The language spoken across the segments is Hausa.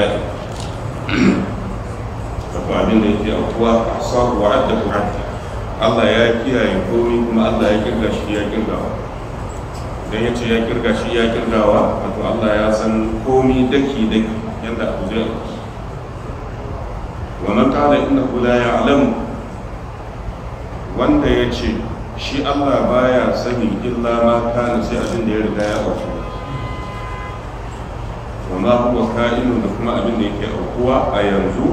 haɗi abu abin da yake aukuwa a sabu wa adda Allah ya kiyaye komi kuma Allah ya kirga shi ya kirgawa idan ya ce ya kirga shi ya kirgawa wato Allah ya san komi daki daki yadda abu zai wa man qala innahu la ya'lamu wanda ya ce shi Allah baya sani illa ma kana sai abin da ya riga ya auku wa ma huwa ka'inu da kuma abin da yake aukuwa a yanzu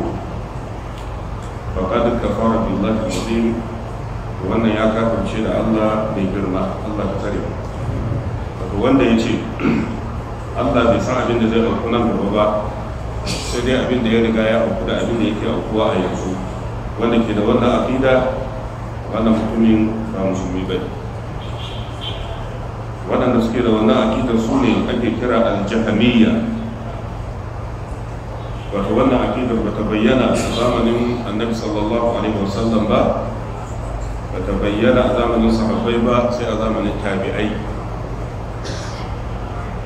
faqad kafara billahi azim wannan ya kafirce da Allah mai girma Allah ka tare wato wanda ya ce Allah bai san abin da zai auku nan gaba ba sai dai abin da ya riga ya auku da abin da yake aukuwa a yanzu wanda ke da wannan aƙida wannan mutumin ba musulmi ba waɗanda suke da wannan aqidar su ne ake kira al wato wannan aqidar bata bayyana a zamanin annabi sallallahu alaihi wasallam ba bata bayyana a zamanin sahabbai ba sai a zamanin tabi'ai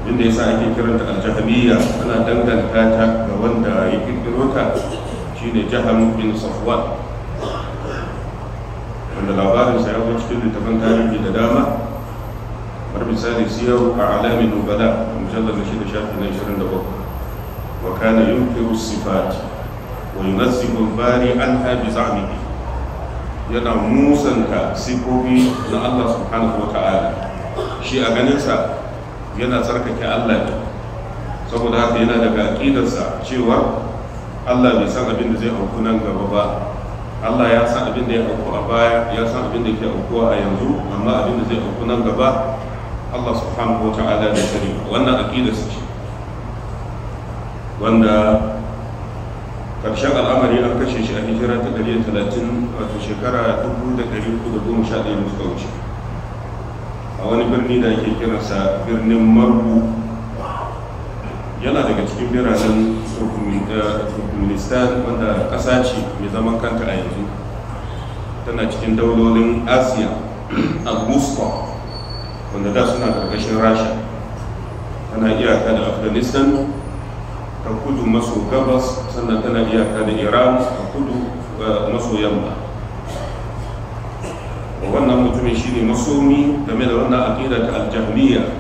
inda yasa ake kiranta aljahmiya ana danganta ta ga wanda ya kirkiro ta shine jaham bin safwan wanda labarin sa ya zo cikin littafin tarihi da dama har misali siyar a alamin nubala mujallar da shi da shafi na 27 وكان ينكر الصفات وينزه الباري عنها بزعمه yana musanta sifofi na Allah subhanahu wa ta'ala shi a ganinsa yana tsarkake Allah ne saboda haka yana daga aƙidarsa cewa Allah bai san abin da zai auku nan gaba ba Allah ya san abin da ya auku a baya ya san abin da ke aukuwa a yanzu amma abin da zai auku nan gaba Allah subhanahu wa ta'ala da sani wannan aƙidarsa ce wanda ƙarshen al'amari an kashe shi a hijira ta 130 wato shekara 1411 da suka a wani birni da ake kiransa birnin margu yana daga cikin biranen eh, turkmenistan wanda ƙasa ce mai zaman kanta a yanzu tana cikin daulolin asiya a musta wanda da suna ƙarƙashin rasha tana iyaka da afghanistan ta kudu maso gabas sannan tana iyaka da iran ta kudu eh, maso yamma wannan mutumin shine masomi game da wannan aƙida ta Aljamiya.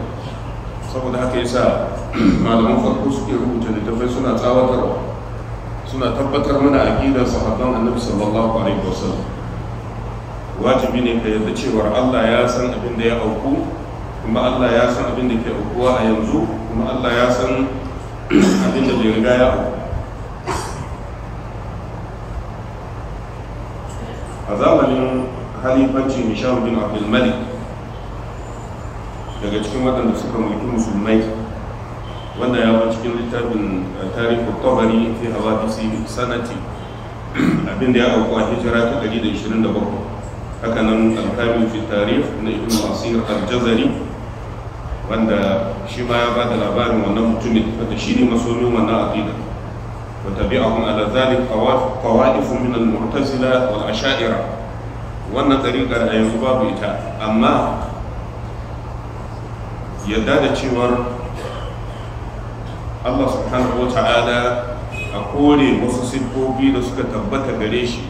saboda haka yasa malaman farko suke rubuta littafai suna tsawatarwa suna tabbatar mana aqidar sahabban annabi sallallahu alaihi wasallam wajibi ne ka yarda cewa Allah ya san abin da ya auku kuma Allah ya san abin da ke aukuwa a yanzu kuma Allah ya san abin da bai riga ya a zamanin halifanci nisham bin abdulmalik daga cikin waɗanda suka mulki musulmai wanda ya ba cikin littafin eh, tarihin tabari fi hawadisi sanati abin da ya auku a hijira ta 127 haka nan alkamin fi tarif na ibn asir al-jazari wanda shi ma ya ba da labarin wannan mutumin wanda shi ne masomin wannan aqida wa tabi'ahum ala zalik qawaif min al-mu'tazila wal asha'ira wannan dariƙar a yanzu babu ita amma yadda da cewar Allah subhanahu wa ta'ala a kore wasu siffofi da suka tabbata gare shi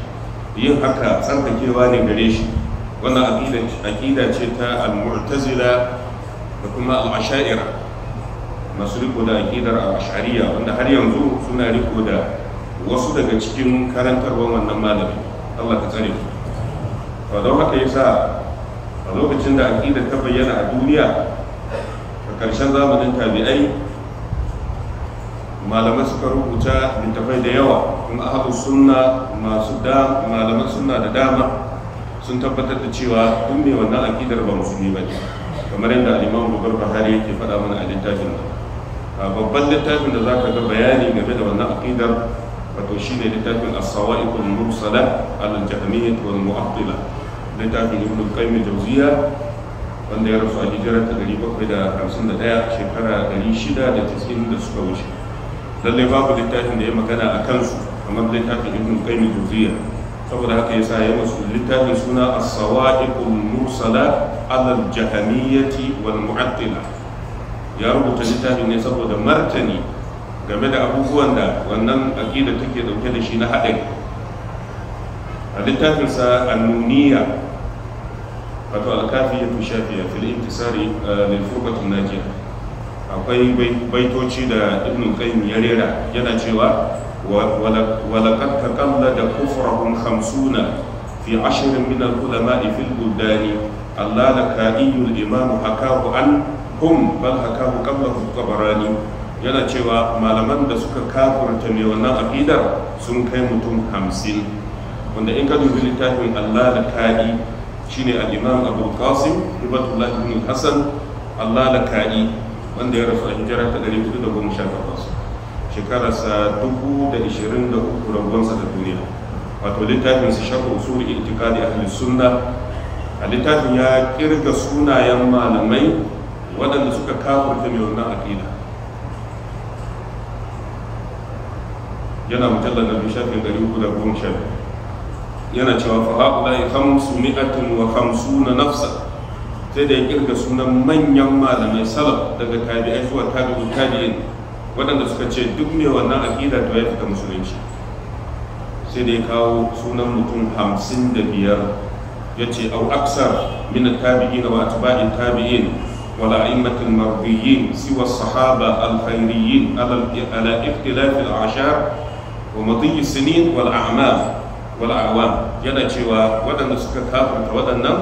yin haka tsarkakewa ne gare shi wannan aƙida ce ta al-mu'tazila da kuma al'ashaira masu riko da aƙidar al'ashariya wanda har yanzu suna riko da wasu daga cikin karantarwar wannan malami allah ka tsare su to don haka sa a lokacin da aƙidar ta bayyana a duniya a ƙarshen zamanin tabi'ai malamai suka rubuta littafai da yawa kuma ahabu sunna masu da malaman sunna da dama sun tabbatar da cewa duk mai wannan aƙidar ba musulmi ba ne kamar yadda al'imam bugar bahari yake faɗa mana a littafin nan babban littafin da za ka ga bayani game da wannan aqidar wato ne littafin as-sawa'iqul mursala al-jahmiyyah wal mu'attila littafin ibn qayyim jawziya wanda ya rasu a hijirar ta 751 shekara 690 da suka wuce lallai babu littafin da ya magana a kansu kamar littafin ibn qayyim jawziya saboda haka yasa ya musu littafin suna as-sawa'iqul mursala ala al-jahmiyyati wal mu'attila ya rubuta littafin ne saboda martani game da abubuwan da wannan aƙida take dauke da shi na haɗari a littafin sa annuniya wato fi shafi a fil intisari eh, lil furqatin najiya akwai baitoci da ibn qayyim ya rera yana cewa ولقد تقلد كفرهم خمسون في عشر من العلماء في البلدان اللالكائي الإمام حكاه عن هم بل حكاه قبله الطبراني yana cewa malaman da suka kafurta mai wannan aƙidar sun kai mutum hamsin wanda in ka dubi littafin allah da ka'i shine al-imam abu qasim hibatullah ibn hassan allah da wanda ya rasu a hijira ta shekararsa 2023 rabuwansa da duniya wato littafin su shafa usul itikadi ahli sunna a littafin ya kirga sunayen malamai waɗanda suka kafurta mai wannan aƙida. yana mutallar na bishafin gari uku da goma sha yana cewa fa haƙulai hamsu mi'atin wa hamsu na nafsa sai da ya kirga sunan manyan malamai salaf daga tabi'ai zuwa tabi'in tabi'in waɗanda suka ce duk ne wannan aƙida to ya fita musulunci sai da ya kawo sunan mutum hamsin da biyar ya ce au aksar min tabi'in wa atba'in tabi'in wa la'immatil mardiyyin siwa sahaba al-khairiyyin ala ikhtilaf al-ashar wa madiy sinin wal a'mal wal a'wam yana cewa waɗanda suka kafarta waɗannan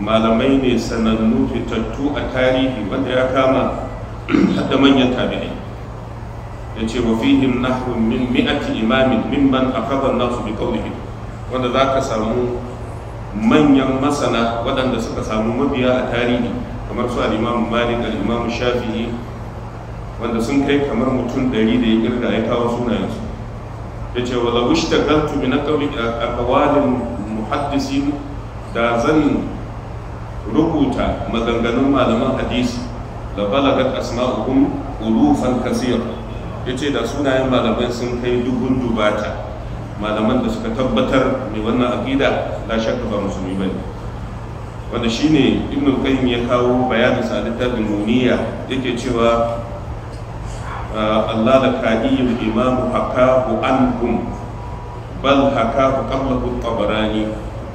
malamai ne sanannu fitattu a tarihi wanda ya kama hadda manyan tabi'ai ya ce wa fihim nahru min mi'ati imamin mimman akaba nasu bi qawlihi wanda zaka samu manyan masana waɗanda suka samu mabiya a tarihi kamar su al-Imam Malik al-Imam Shafi'i wanda sun kai kamar mutum dari da ya kirga ya kawo sunayensu ya ce wa lawish ta galtu min aqwalin muhaddisin da zan rubuta maganganun malaman hadisi la balagat asma'uhum ulufan kaseera ya ce da sunayen malamai sun kai dubun dubata malaman da suka tabbatar mai wannan aƙida la shakka ba musulmi ba ne wanda shine ibn qayyim ya kawo bayanin sa littafin nuniya yake cewa ah, Allah la kadiyul imam hakahu anhum bal hakahu qablahu tabarani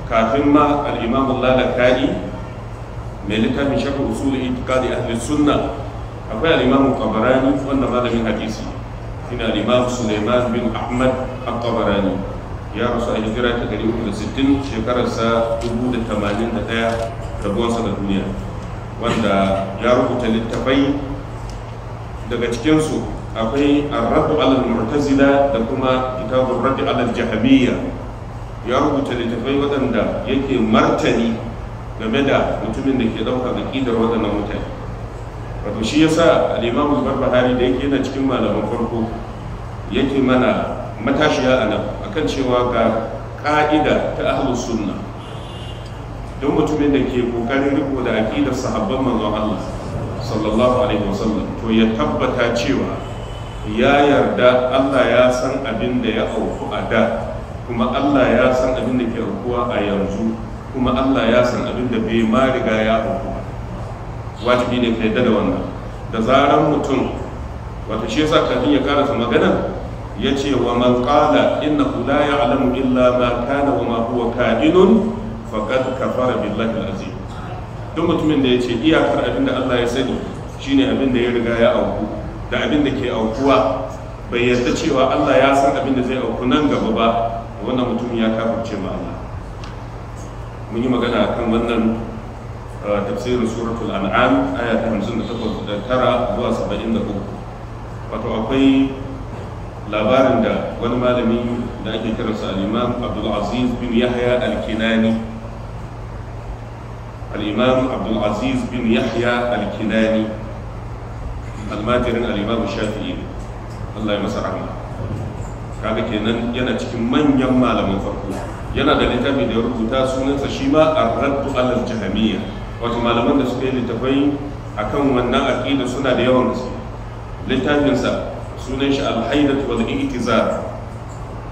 kafin ma al-imam Allah la kadi mai littafin shafi usul itiqadi ahli sunna akwai al-imam tabarani wanda malamin hadisi ina limamu suleiman bin ahmad al ya rasu a hijira ta 360 shekararsa 1081 rabuwarsa da duniya wanda ya rubuta littafai daga cikinsu akwai arraddu alal murtazila da kuma kitabun raddi alal jahamiyya ya rubuta littafai waɗanda yake martani game da mutumin da ke ɗaukar aƙidar waɗannan mutane wato shi yasa al zubar al-barbahari da yake yana cikin malaman farko yake mana matashiya a nan akan cewa ga ka'ida ta ahlus sunna don mutumin da ke kokarin riko da aqidar sahabban manzon Allah sallallahu alaihi wasallam to ya tabbata cewa ya yarda Allah ya san abin da ya auku a da kuma Allah ya san abin da ke aukuwa a yanzu kuma Allah ya san abin da bai ma riga ya auku wajibi ne ka yadda da wannan da zaran mutum wato shi yasa kafin ya karasa magana ya ce wa man qala innahu la ya'lamu illa ma kana wa ma huwa ka'inun faqad kafara billahi al-azim duk mutumin da ya ce iyakar abin da Allah ya sani shine abin da ya riga ya auku da abin da ke aukuwa bai yarda cewa Allah ya san abin da zai auku nan gaba ba wannan mutum ya kafirce ma Allah mun yi magana akan wannan tafsirin suratul an'am aya ta 58 zuwa 73 wato akwai labarin da wani malami da ake kiransa al-imam Abdul Aziz bin Yahya al-Kinani al bin Yahya al almajirin al Shafi'i Allah ya masa kenan yana cikin manyan malaman farko yana da littafi da ya rubuta sunansa shi ma ar-raddu al wato malaman da suka yi littafai akan wannan aƙida suna da yawan gaske littafinsa sunan shi alhaidat wal iktizar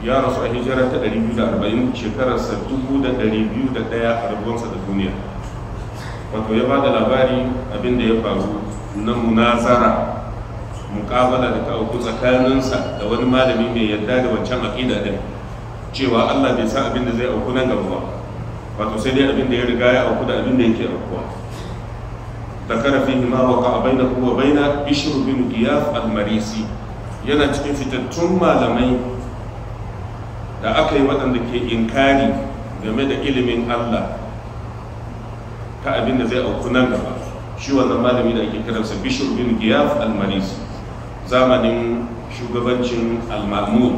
ya rasu a hijira ta 240 shekararsa 2201 a da duniya wato ya ba da labari abinda ya faru na munazara mukabala da kawo tsakaninsa da wani malami mai yadda da wancan aƙida din cewa Allah bai sa abin da zai auku nan gaba ba wato sai dai abin da ya riga ya auku da abin da yake aukuwa ذكر فيه ما وقع بينه وبين بشر بن قياف المريسي yana cikin fitattun malamai da aka yi waɗanda ke inkari game da ilimin Allah ta abin da zai auku nan gaba shi wannan malami da ake kiransa bishop bin giyaf al zamanin shugabancin al-mahmud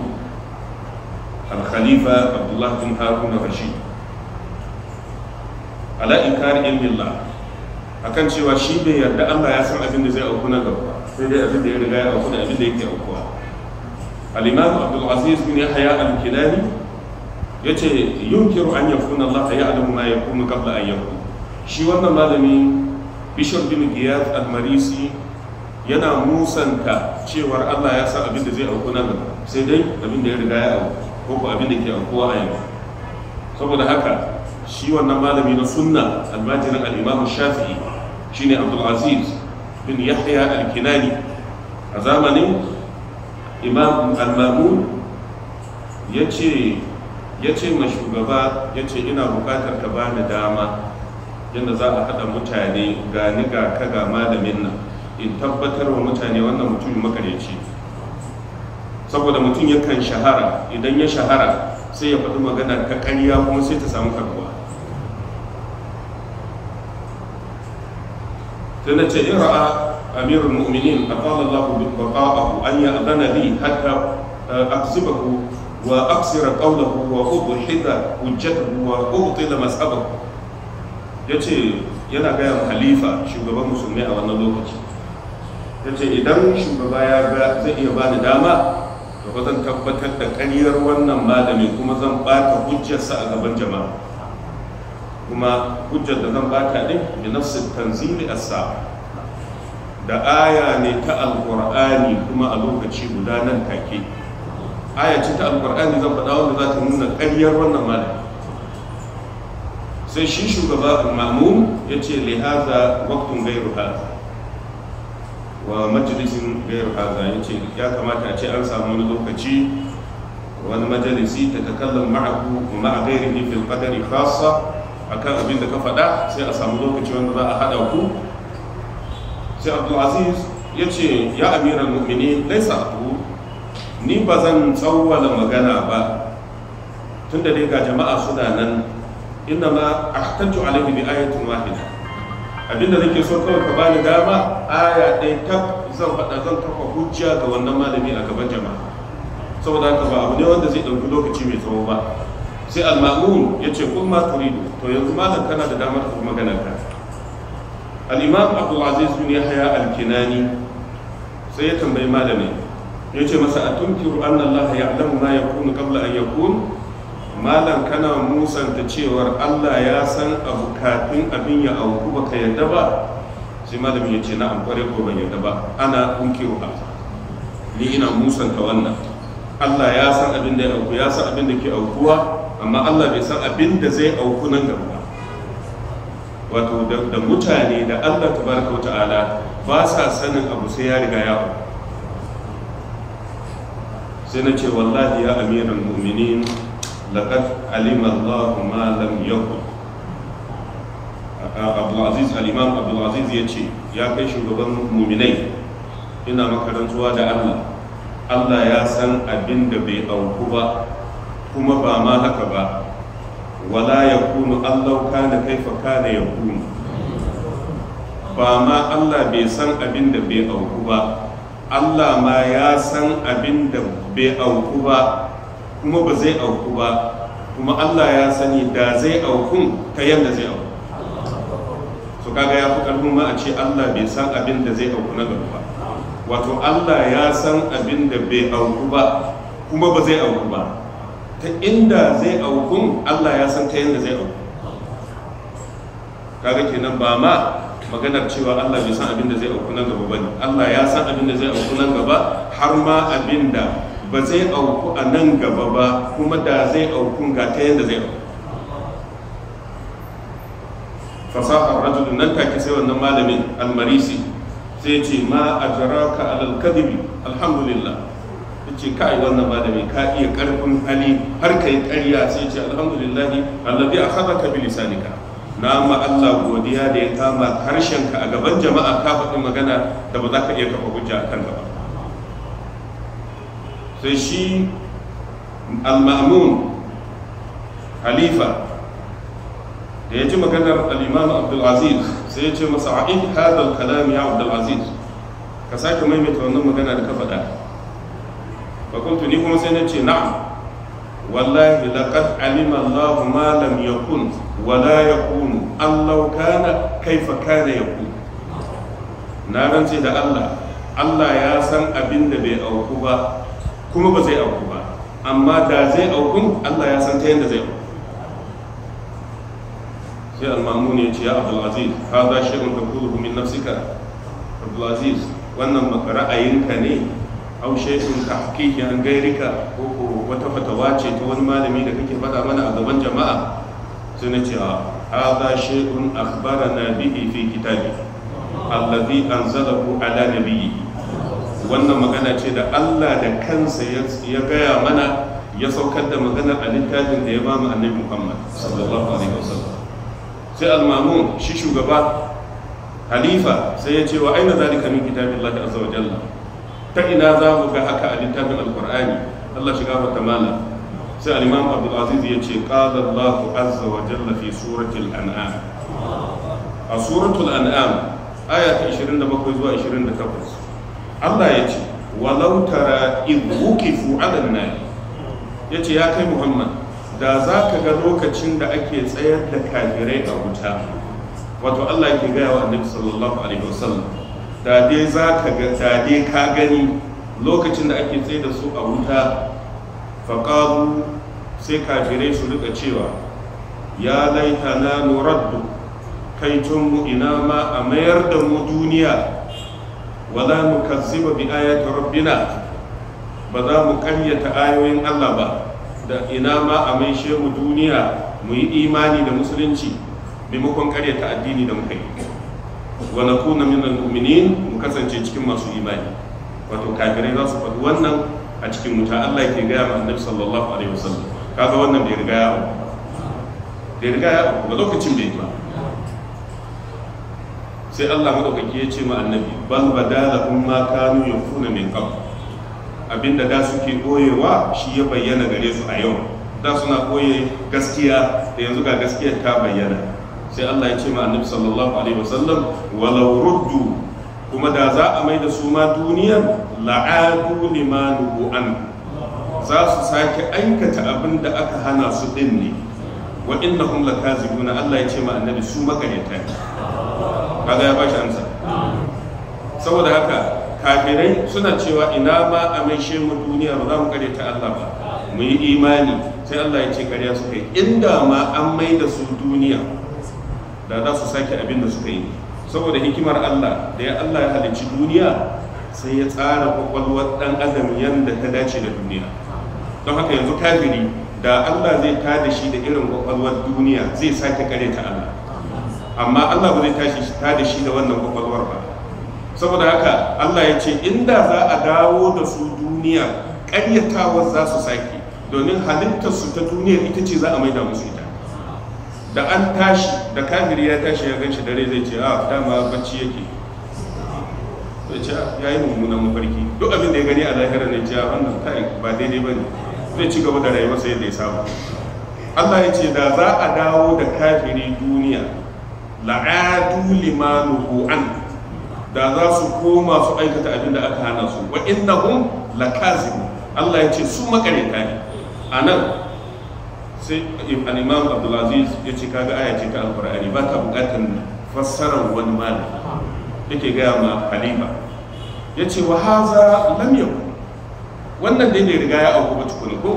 al-khalifa abdullah bin harun rashid ala inkari ilmillah akan cewa shi bai yarda Allah ya san abin da zai auku na gaba sai dai abin da ya riga ya auku da abin da yake aukuwa al-imam Abdul Aziz bin Yahya al-Kilani yace yunkiru an yakuna Allah ya'lamu ma yakunu qabla an yakun shi wannan malami Bishop bin Giyad al-Marisi yana musanta cewar Allah ya san abin da zai auku na gaba sai dai abin da ya riga ya auku ko abin da ke aukuwa a yanzu saboda haka shi wannan malami na sunna almajirin al-imam shafi'i shine abdul aziz bin yahya al-kinani a zamanin imam al ya ce ma shugaba ya ce ina bukatar ka bani dama yadda za a haɗa mutane ga ga ka ga malamin nan in tabbatar wa mutane wannan mutumin makareci saboda mutum yakan shahara idan ya shahara sai ya faɗi magana ta ƙarya kuma sai ta samu karbuwa dan nace in ra'a amirul mu'minin aqala Allahu bi baqa'ahu an ya'dana li hatta uh, aqzibahu wa aqsira qawluhu wa udhida hujjatuhu wa ubtila mas'abahu yace yana gaya halifa shugaban musulmai a wannan lokaci yace idan shugaba ya zai iya bani dama to zan tabbatar da ƙaryar wannan malami kuma zan bata hujjarsa a gaban jama'a kuma hujjar da zan baka din bi nafsi tanzili a da aya ne ta Alƙur'ani kuma a lokaci guda nan take aya ce ta Alƙur'ani zan faɗa wanda za ta nuna ƙaryar wannan malami sai shi shugaba al ya yace li hadha waqtun ghayru wa majalisin gairu haza ya ce ya kamata a ce an samu wani lokaci wani majalisi ta takallar ma'aku ma'a gairi fil qadari khassa akan abin da ka faɗa sai a samu lokaci wanda za a haɗa ku sai abdulaziz ya ce ya amiran mu'mini laisa abu ni ba zan tsawwala magana ba tun da dai ga jama'a suna nan inda ma ahtaju alaihi bi ayatun wahida da nake so kawai ka bani dama aya ɗaya tak zan faɗa zan kafa hujja ga wannan malami a gaban jama'a saboda haka ba abu ne wanda zai ɗauki lokaci mai tsawo ba sai al-ma'mun yace kul ma turidu to yanzu malam kana da damar ka magana ka al-imam abdul aziz bin yahya al-kinani sai ya tambayi malami yace masa atunkiru anna allah ya'lamu ma yakunu qabla an yakun malam kana musanta cewar allah ya san abu kafin abin ya auku baka yadda ba sai malamin ya ce na amfare ko ban yadda ba ana unkiru ni ina musanta wannan Allah ya san abin da ya auku ya san abin da ke aukuwa amma Allah bai san abin da zai auku nan gaba ba wato da mutane da Allah tabaraka wa ta'ala ba sa sanin abu sai ya riga ya sai na ce wallahi ya amiran mu'minin laqad alima Allah ma lam yaqul Abu Aziz al-Imam Aziz ya ce ya kai shugaban mu'minai ina makarantuwa da Allah Allah ya san abin da bai auku ba kuma ba ma haka ba wala ya kunu allahu kana kaifa kana ya kunu ba ma allah bai san abin da bai auku ba allah ma ya san abin da bai auku ba kuma ba zai auku ba kuma allah ya sani da zai aukun ta yadda zai auku to kaga ya fi karfin ma a ce Allah bai san abin da zai auku na gaba ba wato Allah ya san abin da bai auku ba kuma ba zai auku ba ta inda zai aukun Allah ya san ta yadda zai auku kaga kenan ba ma maganar cewa Allah bai san abin da zai auku nan gaba ba ne Allah ya san abin da zai auku nan gaba har ma abin da ba zai auku a nan gaba ba kuma da zai aukun ga ta yadda zai auku fasahar rajulun nan take sai wannan malamin almarisi sai ce ma a jaraka alal kadibi alhamdulillah ce kai wannan mai ka iya karfin hali har ka yi karya sai ce alhamdulillah allazi akhadaka bi lisanika na ma Allah godiya da ya kama ka a gaban jama'a ka faɗi magana da ba za ka iya kafa hujja kanka ba sai shi al-ma'mun halifa da ya ji maganar al-imam Abdul Aziz sai ya ce masa a'id hadha al-kalam ya Abdul Aziz ka sake maimaita wannan magana da ka faɗa fakultu ni kuma sai na ce na'am wallahi laqad malam Allahu ma lam yakun wa la yakun Allah kana kaifa kana yakun na rantse da Allah Allah ya san abin da bai auku ba kuma ba zai auku ba amma da zai auku Allah ya san ta yadda zai auku sai al-mamuni ya ce ya Abdul Aziz hadha nafsika wannan ra'ayinka ne aw shay'un tahqiqi an gairika ko ko wata fatawa ce ta wani malami da kake faɗa mana a gaban jama'a sai na ce a, hadha shay'un akhbarana bihi fi kitabi allazi anzalahu ala nabiyyi wannan magana ce da Allah da kansa ya gaya mana ya saukar da magana a littafin da ya ba mu annabi Muhammad sallallahu alaihi wasallam sai al-mamun shi shugaba halifa sai ya ce wa aina zalika min kitabillahi azza wa jalla ta ina za mu ga haka a littafin alkur'ani Allah shiga mata mala sai al-imam Abdul Aziz ya ce qala Allah azza wa jalla fi suratul an'am a suratul an'am aya ta 27 zuwa 28 Allah ya ce walau tara id wuqifu 'ala an-nar ya ce ya kai Muhammad da za ka ga lokacin da ake tsayar da kafirai a wuta wato Allah ke gaya wa annabi sallallahu alaihi wasallam da dai za ka ga da ka gani lokacin da ake tsaye da su a wuta faƙaru sai kafirai su rika cewa ya laita na nuraddu kai mu ina ma a mayar da mu duniya wala mu kazziba bi ayati rabbina ba za mu karyata ayoyin Allah ba da ina ma a maishe mu duniya mu yi imani da musulunci maimakon karyata addini da muka yi wa kuna minan umini mu kasance cikin masu imani wato kafirai za su faɗi wannan a cikin wuta Allah ke gaya ma annabi sallallahu alaihi wasallam kaga wannan bai riga ya bai riga ya ba lokacin bai ba sai Allah madaukaki ya ce ma annabi bal badala kun ma kanu yakuna min qabl abinda da suke koyewa shi ya bayyana gare su a yau da suna koye gaskiya da yanzu ga gaskiya ta bayyana sai Allah ya ce ma annabi sallallahu alaihi wasallam walau ruddu kuma da za a mai da su ma duniyar la'adu limanu an za su sake aikata abin da aka hana su din ne wa innahum lakazibuna Allah ya ce ma annabi su makaryata kaga ya bashi amsa saboda haka kafirai suna cewa ina ma a mai shemu duniya ba za mu karyata Allah ba mu yi imani sai Allah ya ce karya su kai inda ma an mai da su duniya da za su sake abin da suka yi saboda hikimar Allah da ya Allah ya halicci duniya sai ya tsara kwakwalwar dan adam yadda ta dace da duniya don haka yanzu kafiri da Allah zai tada shi da irin kwakwalwar duniya zai sake kare ta Allah amma Allah ba zai tashi tada shi da wannan kwakwalwar ba saboda haka Allah ya ce inda za a dawo da su duniya ƙaryatawar za su sake domin halittarsu ta duniyar ita ce za a maida musu da an tashi da kafiri ya tashi ya gan shi dare zai ce a ah, dama bacci yake zai ce ah, ya yi mummunan mafarki duk abin da ya gani a lahirar ne ya ah, wannan kai ba daidai ba ne zai ci gaba da rayuwarsa da ya saba Allah ya ce da za a dawo da kafiri duniya la'adu limanu an da za su koma su aikata abin da aka hana su wa innahum lakazibun Allah ya ce su makareta ne anan sai al'imam abdulaziz ya ce kaga aya ce ta alkur'ani ba ka bukatar fassarar wani malami yake gaya ma halima ya ce wa haza lam yau wannan dai bai riga ya auku ba tukuni ko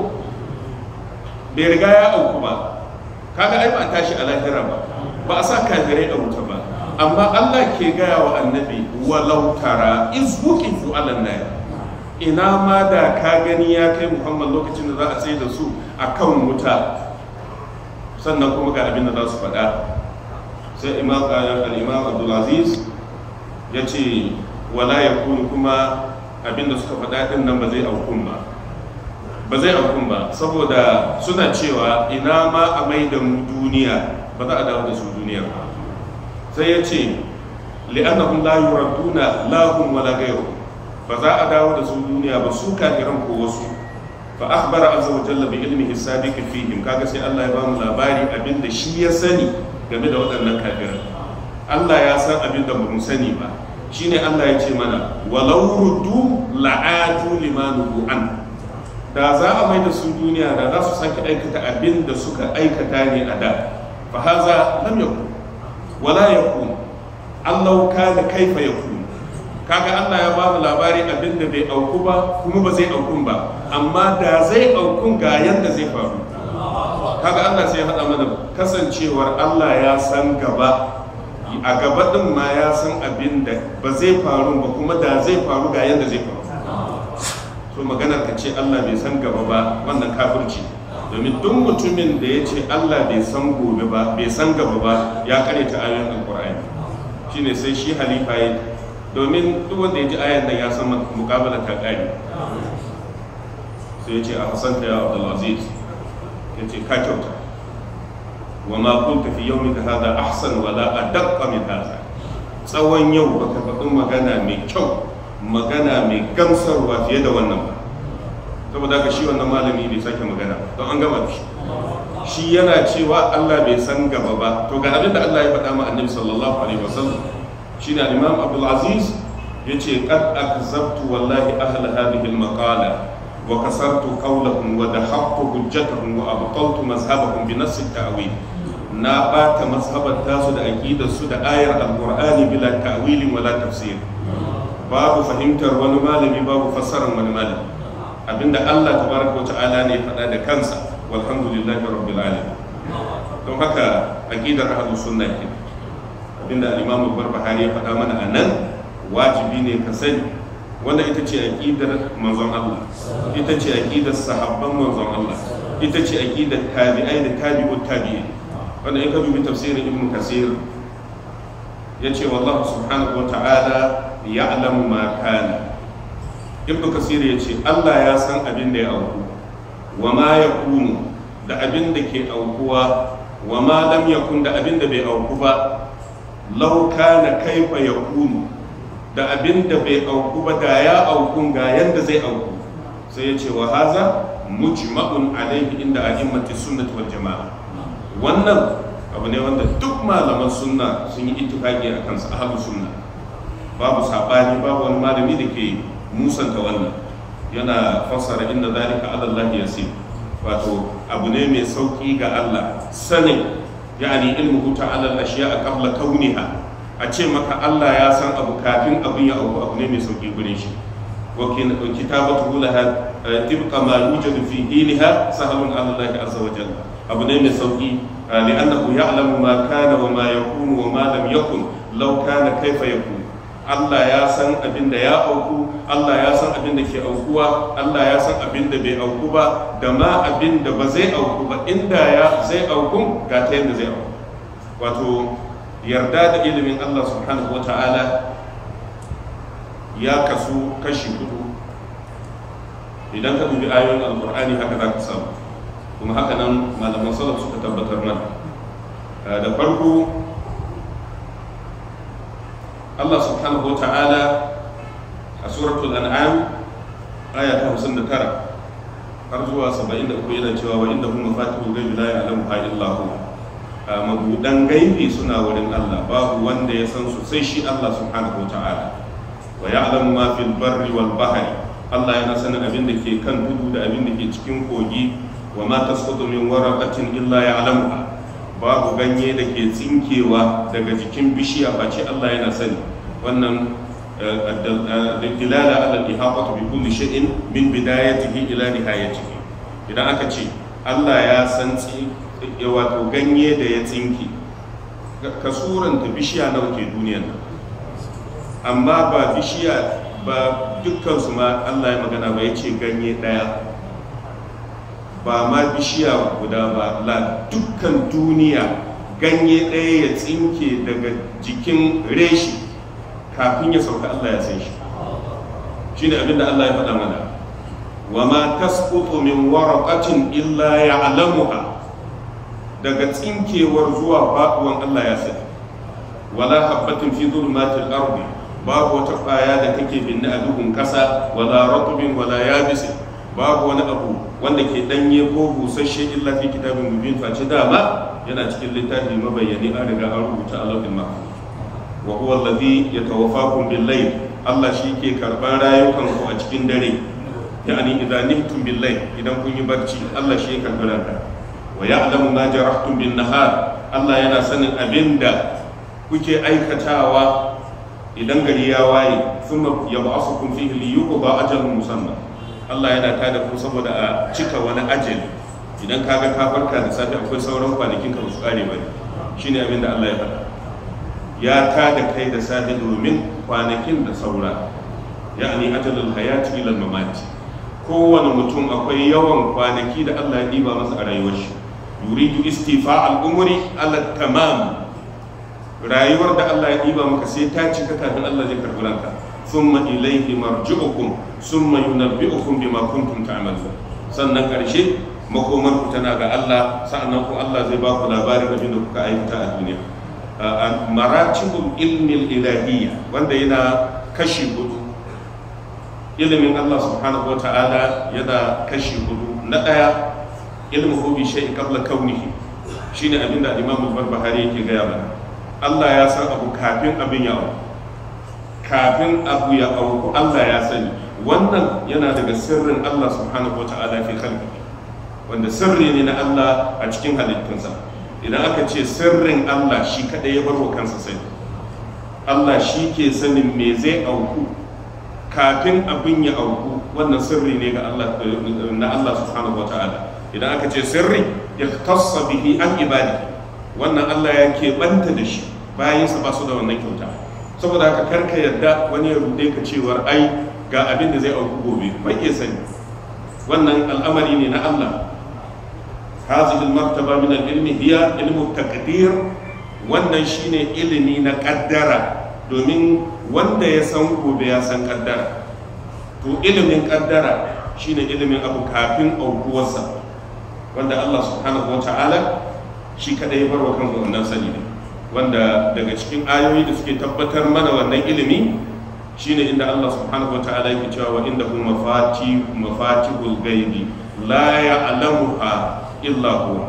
bai riga ya auku ba kaga ai ba tashi a lahira ba ba a sa kafirai a wuta ba amma allah ke gaya wa annabi walau tara iz wuqifu ala ina ma da ka gani ya kai muhammad lokacin da za a tsaye da su a kan wuta sannan kuma ga abin da za su faɗa sai imam eh, al-imam abdulaziz ya ce wala ya kuma abin da suka faɗa ɗin nan ba zai aukun ba ba zai aukun ba saboda suna cewa ina ma a mai da mu duniya ba za a dawo da su duniya ba sai ya ce li'annahum la yuraduna lahum wala ghayruhum ba za a dawo da su duniya ba su kafiran ko wasu fa akhbara azza wa jalla bi ilmihi sabiq fihim kaga sai Allah ya ba mu labari abinda shi ya sani game da waɗannan kafiran Allah ya san abinda ba mu sani ba shine Allah ya ce mana walau ruddu la'atu limanu an da za a mai da su duniya da za su saki aikata abin da suka aikata ne a da fa haza lam yakun wala yakun Allah kana kaifa yakun kaga Allah ya mu labari abinda da bai auku ba kuma ba zai auku ba amma da zai auku ga yadda zai faru kaga Allah sai hada mana kasancewar Allah ya san gaba a gaba ɗin ma ya san abin ba zai faru ba kuma da zai faru ga yadda zai faru to maganar ka ce Allah bai san gaba ba wannan kafirci domin duk mutumin da ya ce Allah bai san gobe ba bai san gaba ba ya karyata ayoyin alkur'ani shine sai shi halifa ya domin duk wanda ya ji ayan nan ya san mukabala ta ƙari sai ya ce a Hassan ta ya abdulaziz ya ce ka kyauta wa ma kunta fi hada a Hassan wa la adaqqa mai hadha tsawon yau ba baka faɗin magana mai kyau magana mai gamsarwa fiye da wannan ba saboda ka shi wannan malami bai sake magana don an gama shi shi yana cewa Allah bai san gaba ba to ga abin da Allah ya faɗa ma annabi sallallahu alaihi wasallam shine imam abdul aziz yace qad akzabtu wallahi ahla hadhihi al maqala wa kasartu qawlahum wa dahabtu hujjatahum wa abtaltu mazhabahum bi nass al ta'wil na bata mazhabar tasu da aqidar su da ayar alqur'ani bila ta'wili wala tafsir babu fahimtar wani malami babu fassarar wani malami abinda Allah tabaraka wa ta'ala ne faɗa da kansa walhamdulillahi rabbil alamin don haka aqidar ahlus sunna kenan abinda al-imamu barbahari ya faɗa mana a nan wajibi ne ka sani wanda ita ce aqidar manzon Allah ita ce aqidar sahabban manzon Allah ita ce aqidar tabi'ai da tabi'ut tabi'in wanda in ka dubi tafsirin ibn kasir yace wallahu subhanahu wa ta'ala ya'lamu ma kana ibn kasir ce Allah ya san abin da ya auku wa ma ya kunu da abin da ke aukuwa wa ma lam yakun da abin da bai auku ba lauka na kaifa ya kunu da abin da bai auku ba da ya aukun ga yadda zai auku sai ya ce wa haza mujma'un alaihi inda a'immati sunnati wal jama'a wannan abu ne wanda duk malaman sunna sun yi ittifaqi akan a ahlus sunna babu sabani babu wani malami da ke musanta wannan yana fassara inda zalika ala Allah yasir wato abu ne mai sauki ga Allah sanin yani ilmuhu ta'ala al-ashiya qabla kauniha a ce maka Allah ya san abu kafin abin ya auku abu ne mai sauki gurin shi wa kitabatu laha eh, tibqa ma yujadu fi hiliha sahlun ala Allah azza wa jalla abu ne mai sauki eh, li'annahu ya'lamu ma kana wa ma yakunu wa ma lam yakun law kana kayfa yakun Allah ya san abin da ya auku Allah ya san abin da ke aukuwa Allah ya san abin da bai auku ba da ma abin da ba zai auku ba inda ya zai auku ga ta yadda zai auku wato yarda da ilimin Allah subhanahu wa ta'ala ya kasu kashi hudu idan ka dubi ayoyin alkur'ani haka za ka samu kuma haka nan malaman salaf suka tabbatar mana da farko Allah subhanahu wa ta'ala a suratul an'am aya ta 59 har zuwa 73 yana cewa wa inda hum mafatihul layi alamu ya'lamuha illa hu mabudan gaibi suna wurin Allah babu wanda ya san su sai shi Allah subhanahu wa ta'ala wa ya'lamu ma fil barri wal bahri Allah yana sanin abin da ke kan tudu da abin da ke cikin kogi wa ma tasqutu min waraqatin illa ya'lamuha babu ganye da ke tsinkewa daga jikin bishiya ce Allah yana sani wannan eh, eh, dilala alal ihata bi kulli shay'in min bidayatihi ila nihayatihi idan aka ce Allah ya san wato ganye da ya tsinke ka ta bishiya nawa ke duniyan amma ba bishiya ba dukkan su ma Allah ya magana ba ya ce ganye daya ba ma bishiya guda ba la dukkan duniya ganye ɗaya ya tsinke daga jikin reshi kafin ya sauka Allah ya san shi shi ne abinda Allah ya faɗa mana wa ma tasqutu min waraqatin illa ya'lamuha daga tsinkewar zuwa faɗuwan Allah ya san wala habbatin fi zulmatil ardi babu wata kwaya da kake binne a duhun ƙasa wala rutubin wala yabisin babu wani abu wanda ke danye ko busasshe illa fi kitabin mubin face dama yana cikin littafi mabayyani an riga an rubuta alafin ma wa huwa allazi yatawaffakum bil layl Allah shi ke karban rayukan ku a cikin dare yani idan nimtum bil layl idan kun yi barci Allah shi ya karbi ranka wa ya'lamu ma jarahtum bin nahar Allah yana sanin abinda kuke aikatawa idan gari ya waye thumma yab'asukum fihi liyuqda ajalun musamma Allah yana tada ku saboda a cika wani ajali idan kaga ka farka da safe akwai sauran kwanakin ka su kare bane shine abin da Allah ya faɗa ya da kai da safe domin kwanakin da saura ya'ani ajalul hayati ila mamati kowane mutum akwai yawan kwanaki da Allah ya diba masa a rayuwar shi yuridu istifa al-umri ala tamam rayuwar da Allah ya diba maka sai ta cika kafin Allah zai karbi ranka thumma ilayhi marji'ukum thumma yunabbi'ukum bima kuntum ta'malun sannan karshe makomar tana ga Allah sa'annan ko Allah zai baku labarin abin da kuka aikata a duniya maratibul ilmi ilahiyya wanda yana kashi hudu ilimin Allah subhanahu wata'ala yana kashi hudu na ɗaya ilmi bi shay'in qabla kaunihi shine abin da Imam Al-Barbahari yake gaya mana Allah ya san abu kafin abin ya auku kafin abu ya auku Allah ya sani wannan yana daga sirrin Allah subhanahu wata'ala fi khalqi wanda sirri ne na Allah a cikin halittunsa idan aka ce sirrin Allah shi kadai ya barwa kansa sani Allah shi ke sanin me zai auku kafin abin ya auku wannan sirri ne ga Allah na Allah subhanahu wata'ala idan aka ce sirri ya bihi an ibadi wannan Allah ya banta da shi bayansa ba su da wannan kyauta saboda haka ka yadda wani ya rude ka cewar ai ga abin da zai auku gobe mai iya sani wannan al'amari ne na Allah hazihi al-martaba min al-ilmi hiya ilmu taqdir wannan shine ilimi na kaddara domin wanda ya san gobe ya san kaddara to ilimin kaddara shine ilimin abu kafin aukuwarsa wanda Allah subhanahu wa ta'ala shi kaɗai ya barwa kan wannan sani wanda daga cikin ayoyi da suke tabbatar mana wannan ilimi shine inda Allah subhanahu wataala yake cewa wa indahu mafati mafatihul ghaibi la ya alamu ya'lamuha illa huwa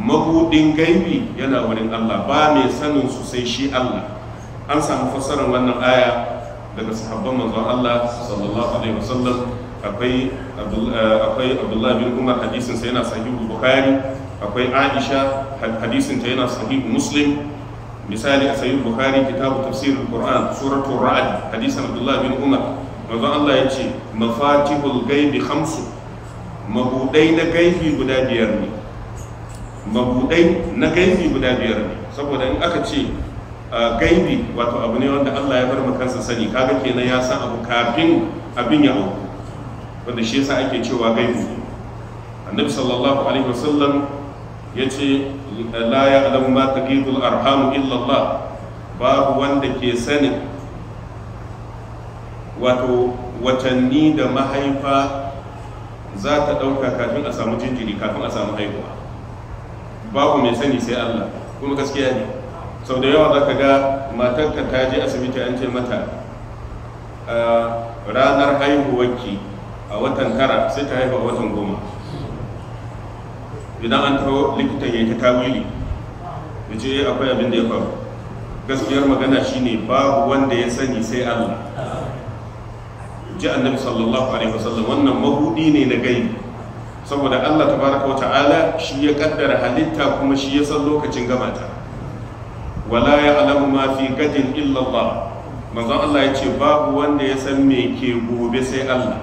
mabudin gaibi yana wurin Allah ba mai sanin su sai shi Allah an samu fassarar wannan aya daga sahabban manzon Allah sallallahu alaihi wasallam akwai akwai Abdullah bin Umar hadisin sa yana sahihu Bukhari akwai Aisha hadisin ta yana sahihu Muslim misali a sayi bukhari kitabu tafsirin qur'an suratu ra'd hadisan abdullah bin umar manzon Allah ya ce mafatihul gaibi hamsu mabudai na gaibi guda biyar ne mabudai na gaibi guda biyar ne saboda in aka ce gaibi wato abu ne wanda Allah ya bar mu kansa sani kaga kenan ya san abu kafin abin ya auku wanda shi yasa ake cewa gaibi annabi sallallahu alaihi wasallam ya ce la alamu ma ta al-arham illallah babu wanda ke sanin wato watanni da mahaifa za ta ɗauka kafin a samu jinjiri kafin a samu haihuwa babu mai sani sai Allah kuma gaskiya ne sau da yawa za ka ga matarka ta je asibiti an ce mata ah, ranar haihuwarki a watan tara sai ta haifa a watan goma idan an taho likitan ya ta tawili ya je akwai abin da ya faru gaskiyar magana shine babu wanda ya sani sai allah ji annabi sallallahu alaihi wasallam wannan mahudi ne na gai saboda allah tabaraka wata'ala shi ya kaddara halitta kuma shi ya san lokacin gamata wala ya alamu ma fi gadin illallah manzon allah ya ce babu wanda ya san me ke gobe sai allah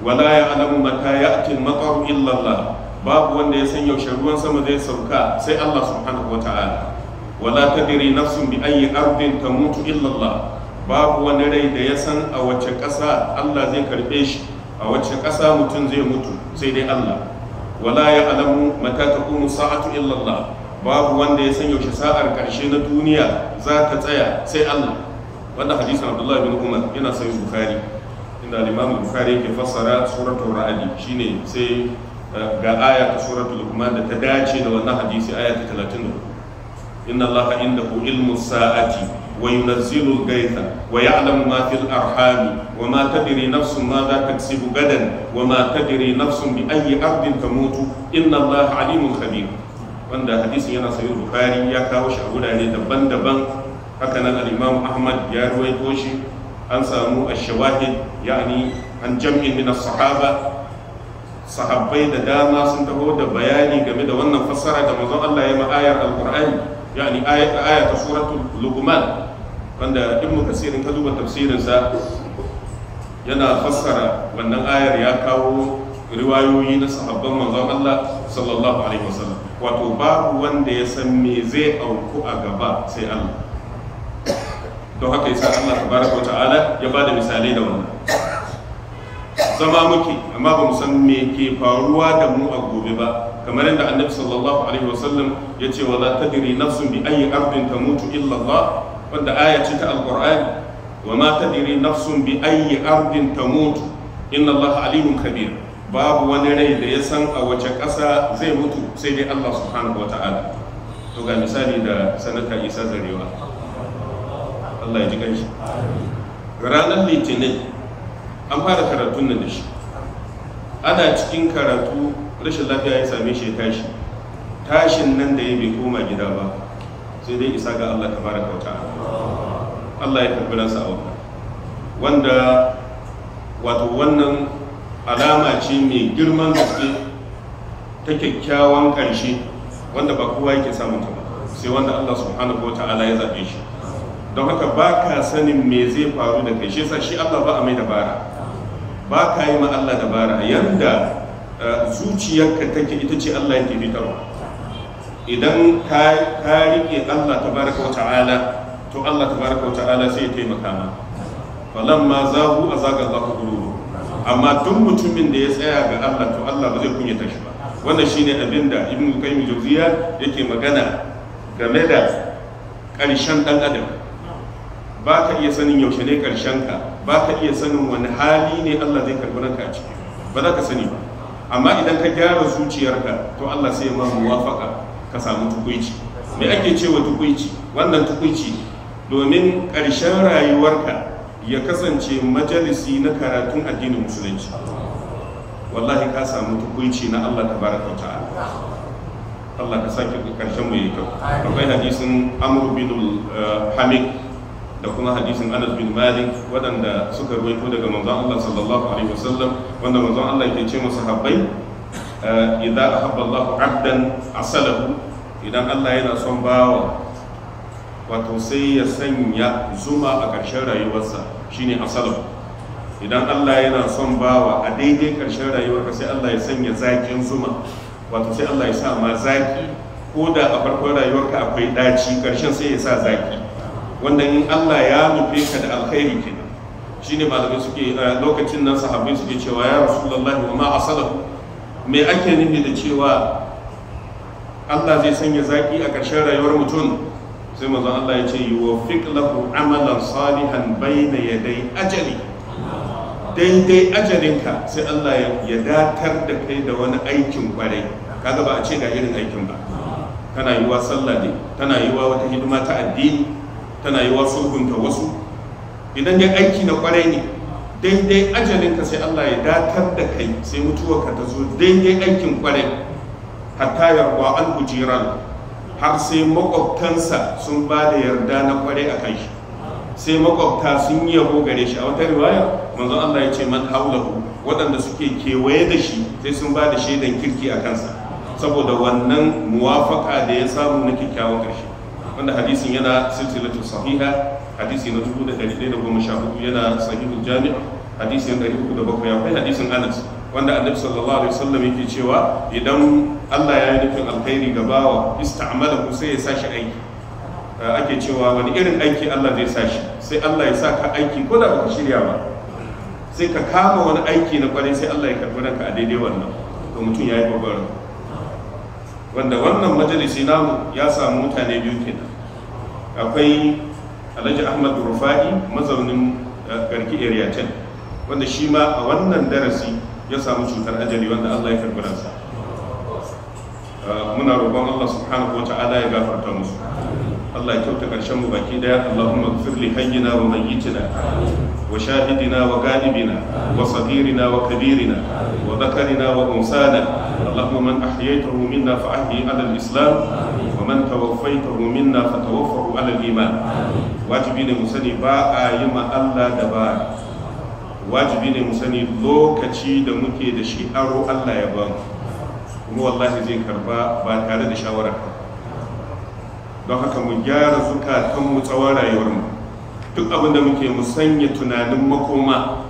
wala ya alamu mata ya atin maƙaru illallah babu wanda ya san yaushe ruwan sama zai sauka sai Allah subhanahu wata'ala wala tadri nafsun bi ayi ardin tamutu illa Allah babu wani rai da ya san a wace ƙasa Allah zai karbe shi a wace ƙasa mutum zai mutu sai dai Allah wala ya'lamu mata taqumu sa'atu illa Allah babu wanda ya san yaushe sa'ar ƙarshe na duniya za ta tsaya sai Allah wanda hadisin Abdullah bin Umar yana sahih Bukhari inda Imam Bukhari yake fassara suratul Ra'd shine sai ga aya ta suratul lukman da ta dace da wannan hadisi aya ta 34 inna allaha indahu ilmu sa'ati وينزل الغيث ويعلم ما في الأرحام وما تدري نفس ماذا تكسب غدا وما تدري نفس بأي أرض تموت Inna Allaha عليم خبير wanda hadisin yana sayi bukari ya kawo shi a gurare daban-daban haka nan al-imam ahmad ya ruwaito shi an samu ash-shawahid yani an jam'in min as-sahaba sahabbai da dama sun taho da bayani game da wannan fassara da manzon Allah ya ma'ayar alqur'ani yani ayat ta suratul luqman wanda ibnu kasirin ka duba tafsirin sa yana fassara wannan ayar ya kawo riwayoyi na sahabban manzon Allah sallallahu alaihi wasallam wato babu wanda ya san me zai auku a gaba sai Allah don haka yasa Allah tabaraka wa ta'ala ya bada misalai da wannan zama muke amma ba san me ke faruwa da mu a gobe ba kamar yadda annabi sallallahu alaihi wasallam ya ce wala tadri nafsun bi ayi ardin tamutu illa Allah wanda aya ce ta alqur'ani wa ma tadri nafsun bi ayi ardin tamutu inna Allah alimun kabir babu wani rai da ya san a wace ƙasa zai mutu sai dai Allah subhanahu wata'ala to ga misali da sanata Isa Zarewa Allah ya ji ganshi ranar litinin an fara karatun nan da shi ana cikin karatu rashin lafiya ya same shi ya tashi tashin nan da ya bai koma gida ba sai dai isa ga Allah ta fara kauta Allah ya karbi nasa a wannan wanda wato wannan alama ce mai girman gaske ta kyakkyawan ƙarshe wanda ba kowa yake samun ta ba sai wanda Allah subhanahu wa ta'ala ya zaɓe shi don haka ba ka sanin me zai faru da kai shi yasa shi Allah ba a mai dabara ba ka yi ma Allah dabara yanda eh, zuciyarka take ita ce Allah yake fitarwa idan ka rike Allah tabaraka wa ta'ala to Allah tabaraka wa ta'ala sai ya taimaka ma za ku falamma zahu za ku guru amma tun mutumin da ya tsaya ga Allah to Allah ba zai kunyata shi ba wannan shine abin da Ibn Qayyim Jawziya yake magana game da ƙarshen dan adam ba ka iya sanin yaushe ne ƙarshen ka ba ka iya sanin wani hali ne Allah zai karbi ranka a ciki ba za ka sani ba amma idan ka gyara zuciyarka to Allah sai ya ma muwafaka ka samu tukuici me ake cewa tukuici wannan tukuici domin ƙarshen rayuwarka ya kasance majalisi na karatun addinin musulunci wallahi ka samu tukunci na Allah tabaraka ta'ala Allah ka sake ƙarshen mu yayi kyau akwai hadisin Amr bin eh, Hamid da kuma hadisin Anas bin Malik waɗanda suka ruwaito daga manzon Allah sallallahu alaihi wasallam wanda manzon Allah yake ce masa habbai eh, idza ahabba Allahu 'abdan asalahu idan Allah yana son bawa wato sai ya sanya zuma a ƙarshen rayuwarsa shine asalahu idan Allah yana son bawa a daidai ƙarshen rayuwarka sai Allah ya sanya zakin zuma wato sai Allah ya sa ma zaki ko da a farkon rayuwarka akwai daci ƙarshen sai ya sa zaki wanda in Allah ya rufe ka da alkhairi kenan shine malamai suke lokacin nan sahabbai suke cewa ya rasulullahi wa ma asalahu me ake nufi da cewa Allah zai sanya zaki a ƙarshen rayuwar mutum sai mazan Allah ya ce yi wa lahu amalan salihan bayna yadai ajali daidai ajalinka sai Allah ya datar da kai da wani aikin kwarai kaga ba a ce ga irin aikin ba tana yiwa sallah ne tana yiwa wata hidima ta addini tana yi wasu hukunta wasu idan ya aiki na kwarai ne daidai ka sai Allah ya datar da kai sai mutuwa ta zo daidai aikin kwarai hatta yarwa al-hujiran har sai makwabtansa sun ba da yarda na kwarai a kai sai makwabta sun yi yabo gare shi a wata riwaya manzon Allah ya ce man haulahu waɗanda suke kewaye da shi sai sun ba da shaidan kirki a kansa saboda wannan muwafaka da ya samu na kyakkyawan ƙarshe wanda hadisin yana silsilatu sahiha hadisi na dubu da da goma sha hudu yana sahihul jami' hadisi na da 307 akwai hadisin Anas wanda annabi sallallahu alaihi wasallam yake cewa idan Allah ya yi nufin alkhairi ga bawa ista'mala ku sai ya sashi aiki eh, ake cewa wani irin aiki Allah zai sashi sai Allah ya sa ka aiki ko da baka shirya ba sai ka kama wani aiki na kwarai sai Allah ya karbi ranka a daidai wannan to mutum ya yi babbar wanda wannan majalisi namu ya samu mutane biyu kenan akwai alhaji ahmad rufa'i mazaunin eh, garki area 10 wanda shi ma a wannan darasi ya samu cutar ajali wanda allah ya karbi ransa eh, muna roƙon allah subhanahu wa ta'ala ya gafarta musu Allah ya kyauta karshen mu baki daya Allahumma ighfir li hayyina wa mayyitina wa shahidina wa ghaibina wa saghirina wa kabirina wa dhakarina wa unsana اللهم من أحييته منا فأحيي على الإسلام ومن توفيته منا فتوفه على iman wajibi ne mu sani ba a yi ma Allah da ba wajibi ne mu sani lokaci da muke da shi aro Allah ya ba mu kuma wallahi zai karba ba tare da shawara don haka mu gyara zukatanmu tsawon rayuwarmu duk abin da muke mu sanya tunanin makoma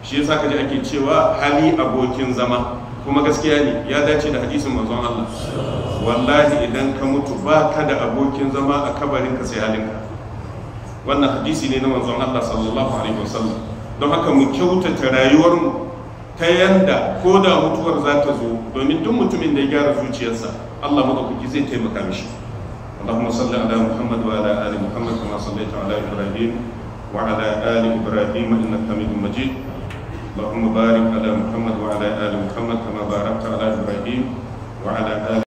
shi yasa kaji ake cewa hali abokin zama kuma gaskiya ne ya dace da hadisin manzon Allah wallahi idan ka mutu ba ka da abokin zama a kabarinka sai halinka wannan hadisi ne na manzon Allah sallallahu alaihi wasallam don haka mu kyautata rayuwarmu ta yanda ko da mutuwar za ta zo domin duk mutumin da ya gyara zuciyarsa Allah madaukaki zai taimaka mishi اللهم صل على محمد وعلى ال محمد كما صليت على ابراهيم وعلى ال ابراهيم انك حميد مجيد اللهم بارك على محمد وعلى ال محمد كما باركت على ابراهيم وعلى ال